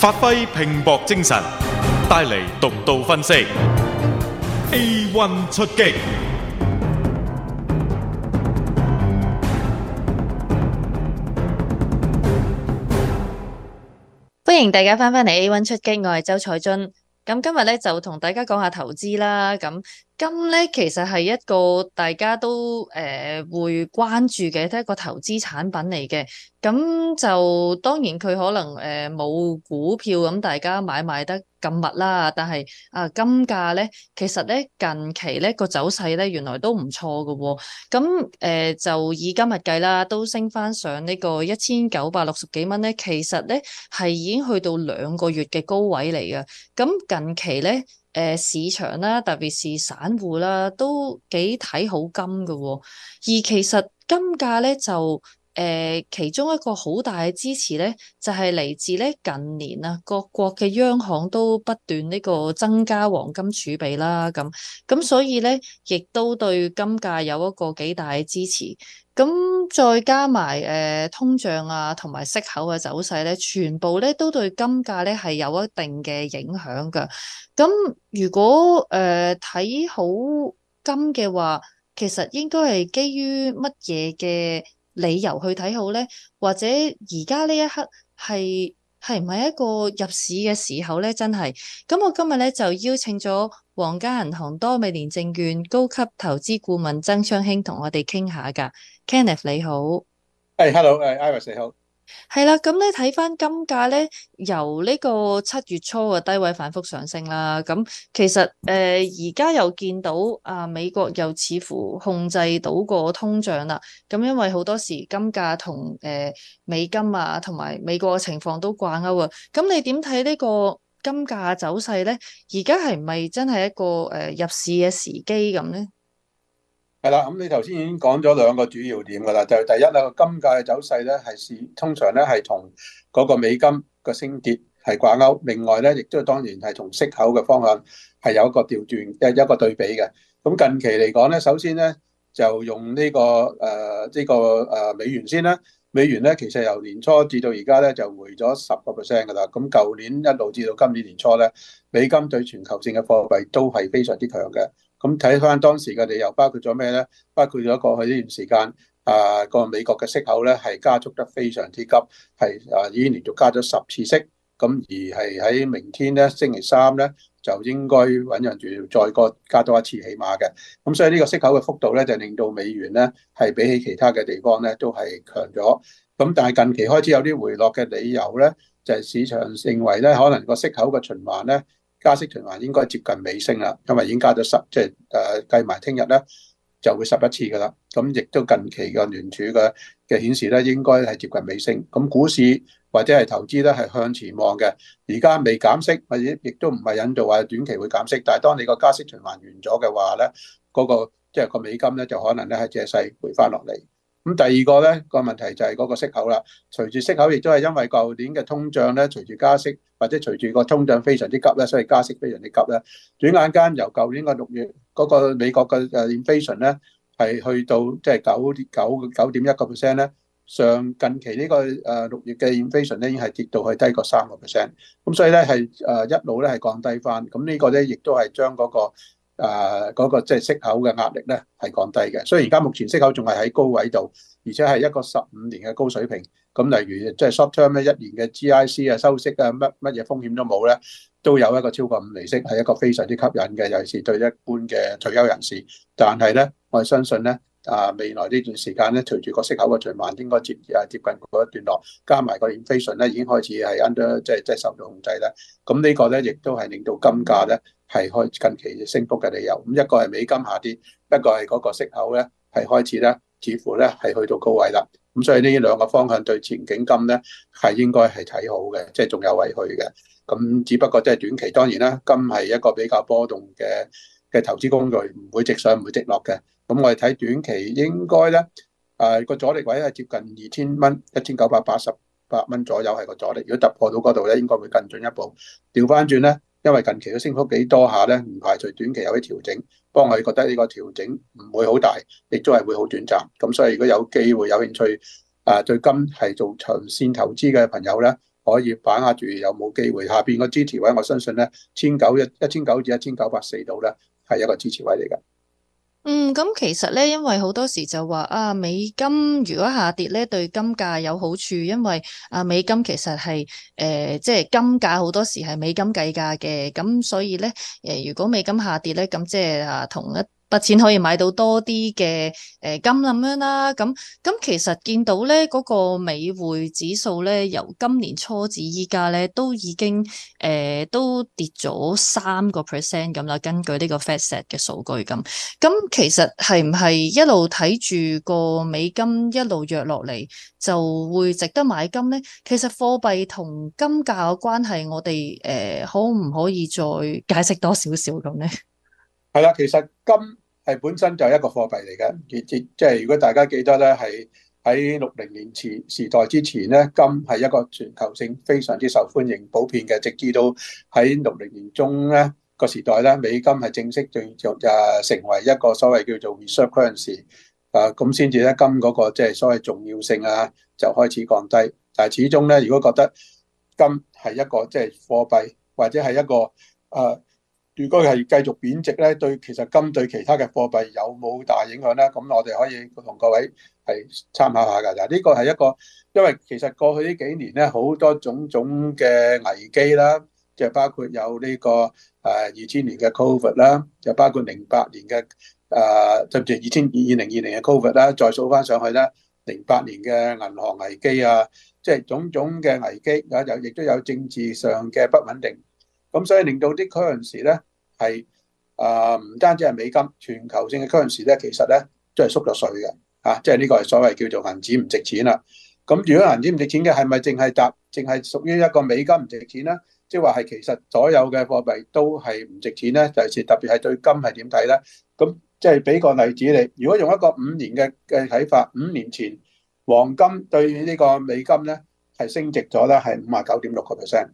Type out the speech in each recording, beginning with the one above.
發揮拼搏精神，帶嚟獨到分析。A one 出擊，歡迎大家翻返嚟 A one 出擊，我係周采蓁。咁今日咧就同大家講下投資啦。咁金咧其實係一個大家都誒、呃、會關注嘅，一個投資產品嚟嘅。咁就當然佢可能誒冇、呃、股票咁，大家買賣得咁密啦。但係啊金價咧，其實咧近期咧個走勢咧原來都唔錯嘅。咁誒、呃、就以今日計啦，都升翻上個 1, 呢個一千九百六十幾蚊咧。其實咧係已經去到兩個月嘅高位嚟嘅。咁近期咧。誒、呃、市場啦，特別是散戶啦，都幾睇好金㗎喎、哦。而其實金價咧就～誒，其中一個好大嘅支持咧，就係、是、嚟自咧近年啊，各國嘅央行都不斷呢個增加黃金儲備啦，咁咁所以咧，亦都對金價有一個幾大嘅支持。咁再加埋誒、呃、通脹啊，同埋息口嘅走勢咧，全部咧都對金價咧係有一定嘅影響㗎。咁如果誒睇、呃、好金嘅話，其實應該係基於乜嘢嘅理由去睇好呢，或者而家呢一刻係係唔係一個入市嘅時候呢？真係。咁我今日咧就邀請咗皇家銀行多美年證券高級投資顧問曾昌興同我哋傾下噶，Kenneth 你好，Hello，Iris 你好。係啦，咁你睇翻金價咧，由呢個七月初嘅低位反覆上升啦。咁其實誒，而、呃、家又見到啊，美國又似乎控制到個通脹啦。咁因為好多時金價同誒美金啊，同埋美國嘅情況都掛鈎啊。咁你點睇呢個金價走勢咧？而家係唔係真係一個誒、呃、入市嘅時機咁咧？係啦，咁你頭先已經講咗兩個主要點噶啦，就係第一啦，金價嘅走勢咧係市通常咧係同嗰個美金個升跌係掛鈎，另外咧亦都當然係同息口嘅方向係有一個調轉，即係一個對比嘅。咁近期嚟講咧，首先咧就用呢、呢個誒呢、呃呢個誒美元先啦，美元咧其實由年初至到而家咧就回咗十個 percent 噶啦，咁舊年一路至到今年年初咧，美金對全球性嘅貨幣都係非常之強嘅。咁睇翻當時嘅理由，包括咗咩咧？包括咗過去呢段時間，啊個美國嘅息口咧係加速得非常之急，係啊已經連續加咗十次息，咁而係喺明天咧星期三咧就應該醞釀住再過加多一次起碼嘅。咁所以呢個息口嘅幅度咧就令到美元咧係比起其他嘅地方咧都係強咗。咁但係近期開始有啲回落嘅理由咧，就係、是、市場認為咧可能個息口嘅循環咧。加息循環應該接近尾聲啦，因為已經加咗十，即係誒計埋聽日咧就會十一次㗎喇。咁亦都近期嘅聯儲嘅嘅顯示咧，應該係接近尾聲。咁股市或者係投資咧係向前望嘅，而家未減息或者亦都唔係引導話短期會減息，但係當你個加息循環完咗嘅話咧，嗰、嗰個即係、就是、個美金咧就可能咧係借勢回返落嚟。咁第二個咧個問題就係嗰個息口啦，隨住息口亦都係因為舊年嘅通脹咧，隨住加息或者隨住個通脹非常之急咧，所以加息非常之急啦。轉眼間由舊年嘅六月嗰、那個美國嘅誒 inflation 咧係去到即係九點九九點一個 percent 咧，上近期個呢個誒六月嘅 inflation 咧已經係跌到去低過三個 percent，咁所以咧係誒一路咧係降低翻，咁呢、那個咧亦都係將嗰個。誒嗰、啊那個即係息口嘅壓力咧係降低嘅，所以而家目前息口仲係喺高位度，而且係一個十五年嘅高水平。咁例如即係 short term 咧一年嘅 GIC 啊收息啊乜乜嘢風險都冇咧，都有一個超過五厘息係一個非常之吸引嘅，尤其是對一般嘅退休人士。但係咧，我哋相信咧。啊！未來呢段時間咧，隨住個息口嘅循環，應該接啊接近一段落，加埋個 inflation 咧已經開始係 under 即係即係受到控制啦。咁呢個咧亦都係令到金價咧係開近期升幅嘅理由。咁一個係美金下跌，一個係嗰個息口咧係開始咧，似乎咧係去到高位啦。咁所以呢兩個方向對前景金咧係應該係睇好嘅，即係仲有位去嘅。咁只不過即係短期，當然啦，金係一個比較波動嘅嘅投資工具，唔會直上唔會直落嘅。咁我哋睇短期應該咧，誒、呃、個阻力位咧係接近二千蚊，一千九百八十八蚊左右係個阻力。如果突破到嗰度咧，應該會更進一步調翻轉咧。因為近期都升幅幾多下咧，唔排除短期有啲調整。不過我哋覺得呢個調整唔會好大，亦都係會好短暫。咁所以如果有機會、有興趣，誒對金係做長線投資嘅朋友咧，可以把握住有冇機會。下邊個支持位，我相信咧，千九一一千九至一千九百四度咧，係一個支持位嚟嘅。嗯，咁其實咧，因為好多時就話啊，美金如果下跌咧，對金價有好處，因為啊，美金其實係誒、即、呃、係、就是、金價好多時係美金計價嘅，咁所以咧，誒、呃，如果美金下跌咧，咁即係啊，同一筆錢可以買到多啲嘅誒金咁樣啦，咁咁其實見到咧嗰、那個美匯指數咧，由今年初至依家咧都已經誒、呃、都跌咗三個 percent 咁啦。根據呢個 FactSet 嘅數據咁，咁其實係唔係一路睇住個美金一路弱落嚟就會值得買金咧？其實貨幣同金價嘅關係，我哋誒、呃、可唔可以再解釋多少少咁咧？係啦，其實金係本身就係一個貨幣嚟嘅。而即即係，如果大家記得咧，係喺六零年前時代之前咧，金係一個全球性非常之受歡迎、普遍嘅。直至到喺六零年中咧、嗰個時代咧，美金係正式就就成為一個所謂叫做 reserve currency，啊，咁先至咧金嗰個即係所謂重要性啊就開始降低。但係始終咧，如果覺得金係一個即係貨幣或者係一個誒。啊如果係繼續貶值咧，對其實金對其他嘅貨幣有冇大影響咧？咁我哋可以同各位係參考下㗎。嗱，呢個係一個，因為其實過去呢幾年咧，好多種種嘅危機啦，就是、包括，就包括有呢個誒二千年嘅 Covid 啦，就包括零八年嘅誒甚至二千二二零二零嘅 Covid 啦，2020, 2020 COVID，再數翻上去咧，零八年嘅銀行危機啊，即、就、係、是、種種嘅危機啊，又亦都有政治上嘅不穩定，咁所以令到啲嗰陣時咧。係啊，唔、呃、單止係美金，全球性嘅 currency 咧，其實咧都係縮咗稅嘅嚇，即係呢個係所謂叫做銀紙唔值錢啦。咁如果銀紙唔值錢嘅，係咪淨係搭，淨係屬於一個美金唔值錢咧？即係話係其實所有嘅貨幣都係唔值錢咧，尤其是特別係對金係點睇咧？咁即係俾個例子你，如果用一個五年嘅嘅睇法，五年前黃金對呢個美金咧係升值咗啦，係五啊九點六個 percent。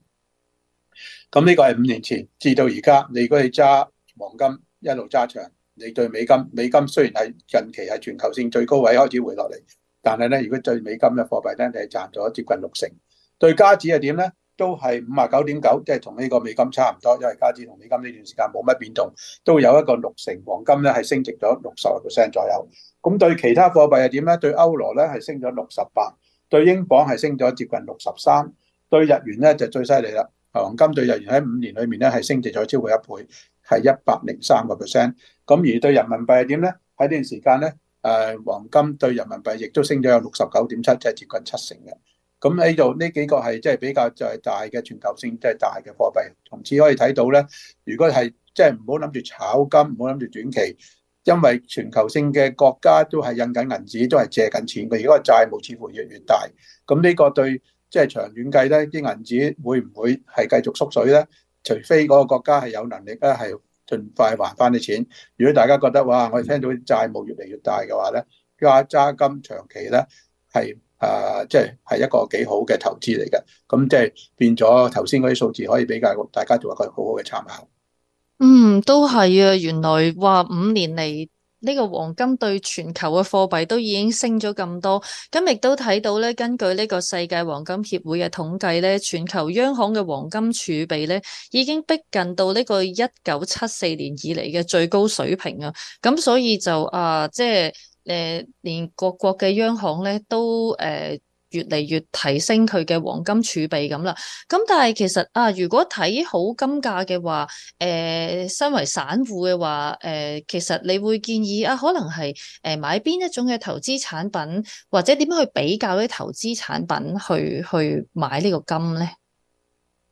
咁呢個係五年前至到而家，你如果係揸黃金一路揸長，你對美金，美金雖然係近期係全球性最高位開始回落嚟，但係咧如果對美金嘅貨幣咧，你係賺咗接近六成。對加紙係點咧？都係五啊九點九，即係同呢個美金差唔多，因為加紙同美金呢段時間冇乜變動，都有一個六成黃金咧係升值咗六十個 percent 左右。咁對其他貨幣係點咧？對歐羅咧係升咗六十八，對英鎊係升咗接近六十三，對日元咧就最犀利啦。黃金對日元喺五年裏面咧係升值咗超過一倍，係一百零三個 percent。咁而對人民幣係點咧？喺呢段時間咧，誒黃金對人民幣亦都升咗有六十九點七，即係接近七成嘅。咁呢度呢幾個係即係比較就係大嘅全球性即係大嘅貨幣，從此可以睇到咧。如果係即係唔好諗住炒金，唔好諗住短期，因為全球性嘅國家都係印緊銀紙，都係借緊錢嘅。如果係債務似乎越嚟越大，咁呢個對即係長遠計咧，啲銀紙會唔會係繼續縮水咧？除非嗰個國家係有能力咧，係盡快還翻啲錢。如果大家覺得哇，我哋聽到啲債務越嚟越大嘅話咧，加揸金長期咧係啊，即係係一個幾好嘅投資嚟嘅。咁即係變咗頭先嗰啲數字，可以俾大大家做一個好好嘅參考。嗯，都係啊，原來話五年嚟。呢個黃金對全球嘅貨幣都已經升咗咁多，咁亦都睇到咧。根據呢個世界黃金協會嘅統計咧，全球央行嘅黃金儲備咧已經逼近到呢個一九七四年以嚟嘅最高水平啊！咁所以就啊，即係誒、呃，連各國嘅央行咧都誒，呃越嚟越提升佢嘅黃金儲備咁啦，咁但係其實啊，如果睇好金價嘅話，誒、呃，身為散戶嘅話，誒、呃，其實你會建議啊，可能係誒、呃，買邊一種嘅投資產品，或者點樣去比較啲投資產品去去買呢個金咧？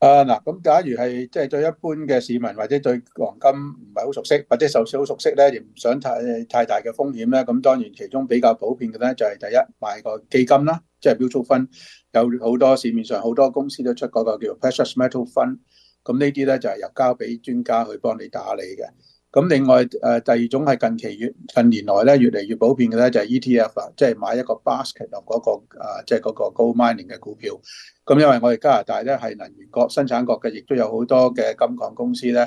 啊嗱，咁假如係即係對一般嘅市民或者對黃金唔係好熟悉，或者受市好熟悉咧，亦唔想太太大嘅風險咧，咁當然其中比較普遍嘅咧就係、是、第一買個基金啦，即係標書分有好多，市面上好多公司都出嗰個叫 Precious Metal Fund，咁呢啲咧就係、是、由交俾專家去幫你打理嘅。咁另外誒第二種係近期越近年來咧越嚟越普遍嘅咧就係 ETF 啊，即係買一個 basket 嗰、嗰個啊，即係嗰個 gold mining 嘅股票。咁因為我哋加拿大咧係能源國生產國嘅，亦都有好多嘅金礦公司咧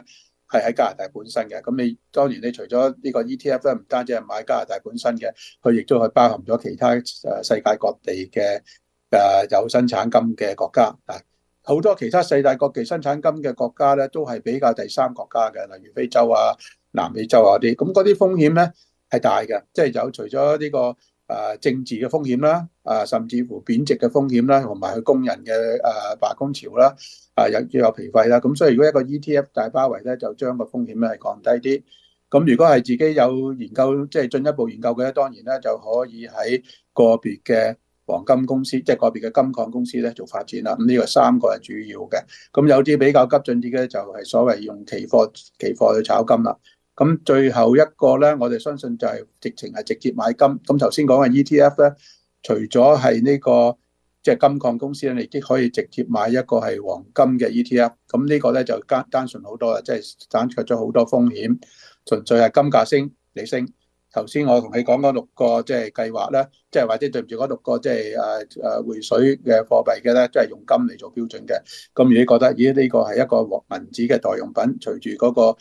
係喺加拿大本身嘅。咁你當然你除咗呢個 ETF 咧，唔單止係買加拿大本身嘅，佢亦都係包含咗其他誒世界各地嘅誒有生產金嘅國家啊。好多其他四大國際生產金嘅國家咧，都係比較第三國家嘅，例如非洲啊、南美洲啊啲，咁嗰啲風險咧係大嘅，即係有除咗呢、這個誒、呃、政治嘅風險啦、啊，誒甚至乎貶值嘅風險啦、啊，同埋佢工人嘅誒罷工潮啦、啊，啊有比較疲憊啦、啊，咁所以如果一個 ETF 大包圍咧，就將個風險咧係降低啲。咁如果係自己有研究，即、就、係、是、進一步研究嘅，當然咧就可以喺個別嘅。黃金公司即係個別嘅金礦公司咧做發展啦，咁呢個三個係主要嘅。咁有啲比較急進啲嘅就係所謂用期貨、期貨去炒金啦。咁最後一個咧，我哋相信就係直情係直接買金。咁頭先講嘅 ETF 咧，除咗係呢個即係、就是、金礦公司咧，你亦可以直接買一個係黃金嘅 ETF。咁呢個咧就簡單純好多啊，即係省卻咗好多風險，純粹係金價升你升。頭先我同你講嗰六個即係計劃咧，即係或者對唔住嗰六個即係誒誒匯水嘅貨幣嘅咧，都係用金嚟做標準嘅。咁如果你覺得咦呢個係一個黃銀紙嘅代用品，隨住嗰個誒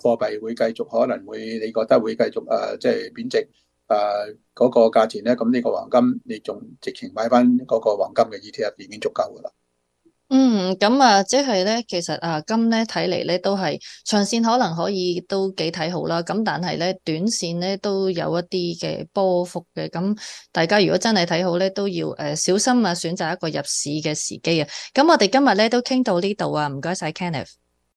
貨幣會繼續可能會，你覺得會繼續誒即係貶值誒嗰個價錢咧，咁呢個黃金你仲直情買翻嗰個黃金嘅 ETF 已經足夠㗎啦。嗯，咁啊，即係咧，其實啊，今咧睇嚟咧都係長線可能可以都幾睇好啦，咁但係咧短線咧都有一啲嘅波幅嘅，咁大家如果真係睇好咧，都要誒、呃、小心啊，選擇一個入市嘅時機啊，咁我哋今日咧都傾到呢度啊，唔該晒 Kenneth。